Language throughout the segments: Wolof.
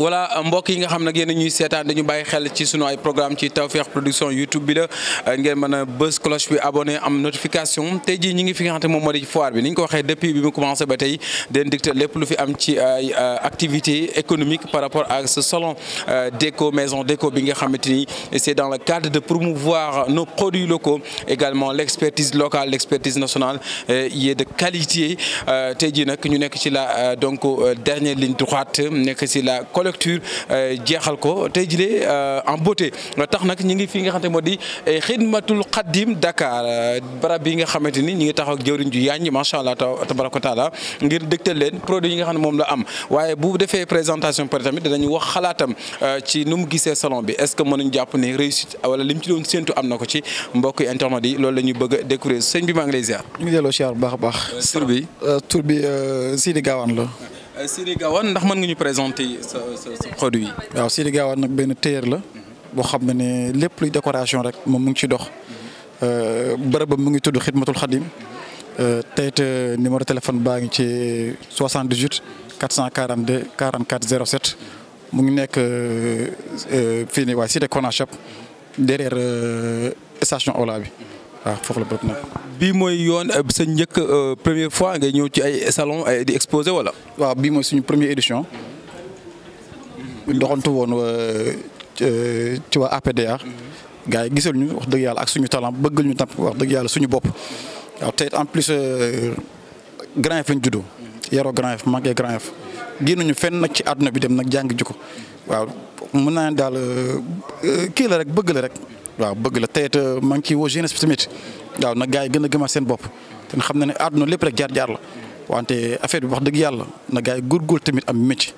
voilà mbokk yi nga xam nag yéen ñuy seetaan dañu bàyyi xel ci sunu ay programme ci Tawfekh Production YouTube bi la euh, ngeen mën a cloche bi abonné am notification tey jii ñi ngi fi nga xam te moom moo di foire bi ni ñu ko waxee depuis bi mu commencé ba tey den dicté lépp lu fi am ci euh, euh, activité économique par rapport à ce salon déco maison déco bi nga xamante ni c'est dans le cadre de promouvoir nos produits locaux également l'expertise locale l'expertise nationale y est de qualité tey jii nag ñu nekk ci la donc dernière ligne nekk ci la lecture euh, jeexal ko tey jii euh, en beauté tax nag ñi ngi fi nga xamante moo di euh, xidmatul xaddim Dakar barab bi nga xamante ni ñi ngi taxaw ak jëwriñ ju yaañ macha allah tabaraka taala ngir dëgtal leen produit yi nga xam ne moom la am waaye bu defee présentation pare tamit danañu wax xalaatam ci nu mu gisee salon bi est-ce que mënuñ jàpp ni réussite wala li mu ci doon séntu am na ko ci mbokk internet yi loolu la ñu bëgg a découvrir sëñ bi maa ngi lay ziar. ñu ngi delloo ziar baax a bi tur bi Sidi la. Euh, Siri Gawane ndax mën nga ñu présenter sa sa sa produit. waaw Siri nag benn tailleur la. boo xam ne ne lépp luy décoration rek moom mu ngi ci dox. Euh, bërëb ba mu ngi tudd Xidmatul Xadim. Euh, tey it numéro téléphone baa ngi ci 78 442 44 07. mu ngi nekk fii nii waa Cité Conachap derrière station Ola bi. waaw foofu la bii mooy yoon eh, sa njëkk euh, première fois ngay ñëw ci ay salon ay di exposé wala. waaw bii mooy suñu premier édition. doxantu woon euh, euh, ci waa APDA. gars yi gisal ñu wax dëgg yàlla ak suñu talent bëggal ñu tam wax dëgg yàlla suñu bopp. waaw te en plus Grand Yoff lañ juddoo. yaroo Grand Yoff màggee Grand Yoff. génnuñu fenn nag ci àdduna bi dem nag jàng ji ko. waaw mën naa daal kii la rek bëgg rek. waaw bëgg la tey it maa ngi ciy woo jeunesse bi tamit waaw nag gars yi gën a gëmaat seen bopp te xam na ne àdduna lépp rek jaar-jaar wante affaire bi wax dëgg yàlla na gars yi góorgóorlu tamit am métier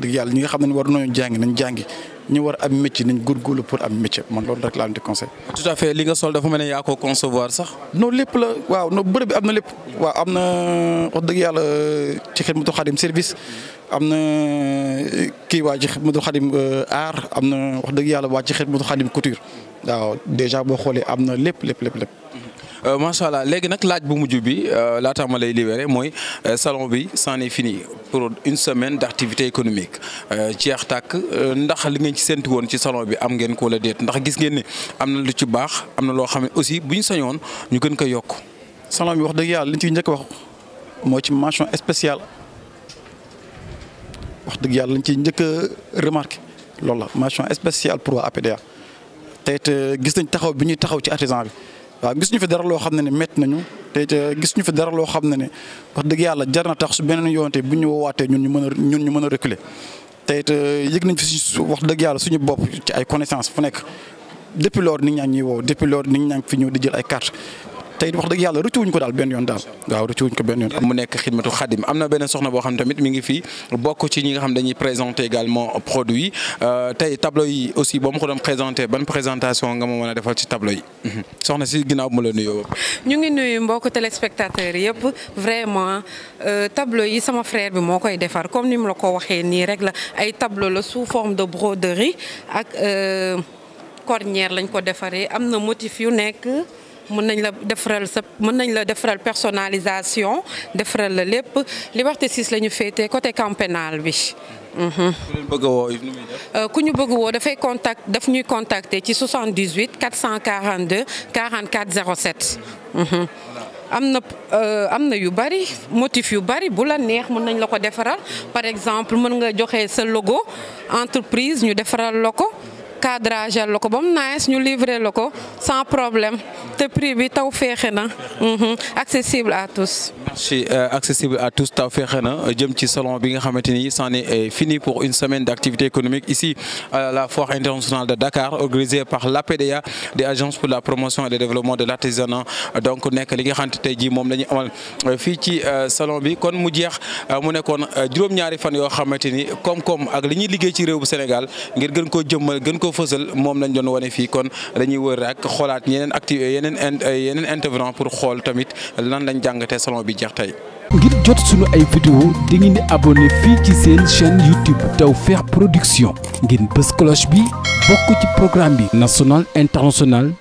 dëgg yàlla ñi nga xam ne war nañoo jàngi nañ jàngi ñu war am métier nañ góorgóorlu pour a méti man loolu rek laa leen di conseil. tout à fait li nga sol dafa mel ne yaa ko concevoir sax. non lépp la waaw non bërëb bi am na lépp. waaw am na wax dëgg yàlla ci Xidmatul Xadim service am na kii waa ci Xidmatul Xadim euh, aar am na wax dëgg yàlla waa ci Xidmatul Xadim couture waaw déjà boo xoolee am na lépp lépp lépp lépp. Euh, macha allah léegi nag laaj bu mujj bi euh, laataa ma lay libéré mooy euh, salon bi c'en est fini pour une semaine d' activité économique jeex tàkk ndax li ngeen ci séntu woon ci salon bi am ngeen ko wala déet ndax gis ngeen ne am na lu ci baax am na loo xam ne aussi bu ñu sañoon ñu gën ko yokk. salon bi wax dëgg yàlla liñ ci njëkk wax moo ci mention spéciale wax dëgg yàlla liñ ci njëkk a remarqué loolu la mention spéciale pour waa APDA te it gis nañ taxaw bi ñuy taxaw ci artisan bi. waaw gis ñu fi dara loo xam ne ne métti nañu te gis ñu fi dara loo xam ne ne wax dëgg yàlla jar na tax su beneen yoonte bu ñu woowaatee ñun ñu mën a ñun ñu mën a reculer te it eh, yëg nañ fi su wax dëgg yàlla suñu bopp ci ay connaissance fu nekk depuis loolu nit ñaa ngi ñuy woo depuis nit ñaa ngi fi ñëw di jël ay carte tey wax dëgg yàlla rëccuwuñ ko daal benn yoon daal waaw rëccuwuñ ko benn boo xam tamit mi ngi fi bokk ci ñi nga xam dañuy présenter également produit euh, tey tableau yi a defal ci tableau yi mhm. soxna si ginnaaw mu la nuyoo. ñu ngi nuyu mbokk téléspectateurs yëpp vraiment euh, tableau yi sama frère bi moo koy defar comme ni mu la ko waxee nii rek la ay tableau la sous forme de broderie ak euh, cornière lañ ko defaree am na motif yu nekk. mën nañ la defaral sa mën nañ la defaral personnalisation defaral la lépp Liberté 6 la ñu féetee côté camp pénal bi. Mhm. Euh, ku ñu bëgg woo dafay contact daf ñuy contacter ci 78 442 44 07. am na euh, am na yu bari motif yu bari bu la neex mun nañ la ko defaral par exemple mën nga joxe sa logo entreprise ñu defaral la ko. cadrage la ko ba mu nice ñu livrer la ko sans problème te prix taw féexe na mhm. accessible à tous. marché euh, accessible à tous taw féexe na jëm ci salon bi nga xamante ni c'en est euh, fini pour une semaine d' activité économique ici à la foire internationale de Dakar organisée par l'APDA des agences pour la promotion et le développement de l'artisanat donc nekk li nga xamante tey jii moom la ñu amal euh, fii ci salon bi kon mu jeex mu nekkoon juróom-ñaari fan yoo xamante ni koom-koom ak li ñuy liggéey ci réew bu ko fësal moom lañ doon wane fii kon dañuy wër rek xoolaat yeneen acti yeneen yeneen intervenant pour xool tamit lan lañ jàngatee salon bi jeex tey. ngir jot sunu ay vidéo di ngeen di abonné fii ci seen chaîne YouTube Tawfekh Production ngeen bës cloche bi bokk ci programme bi national international.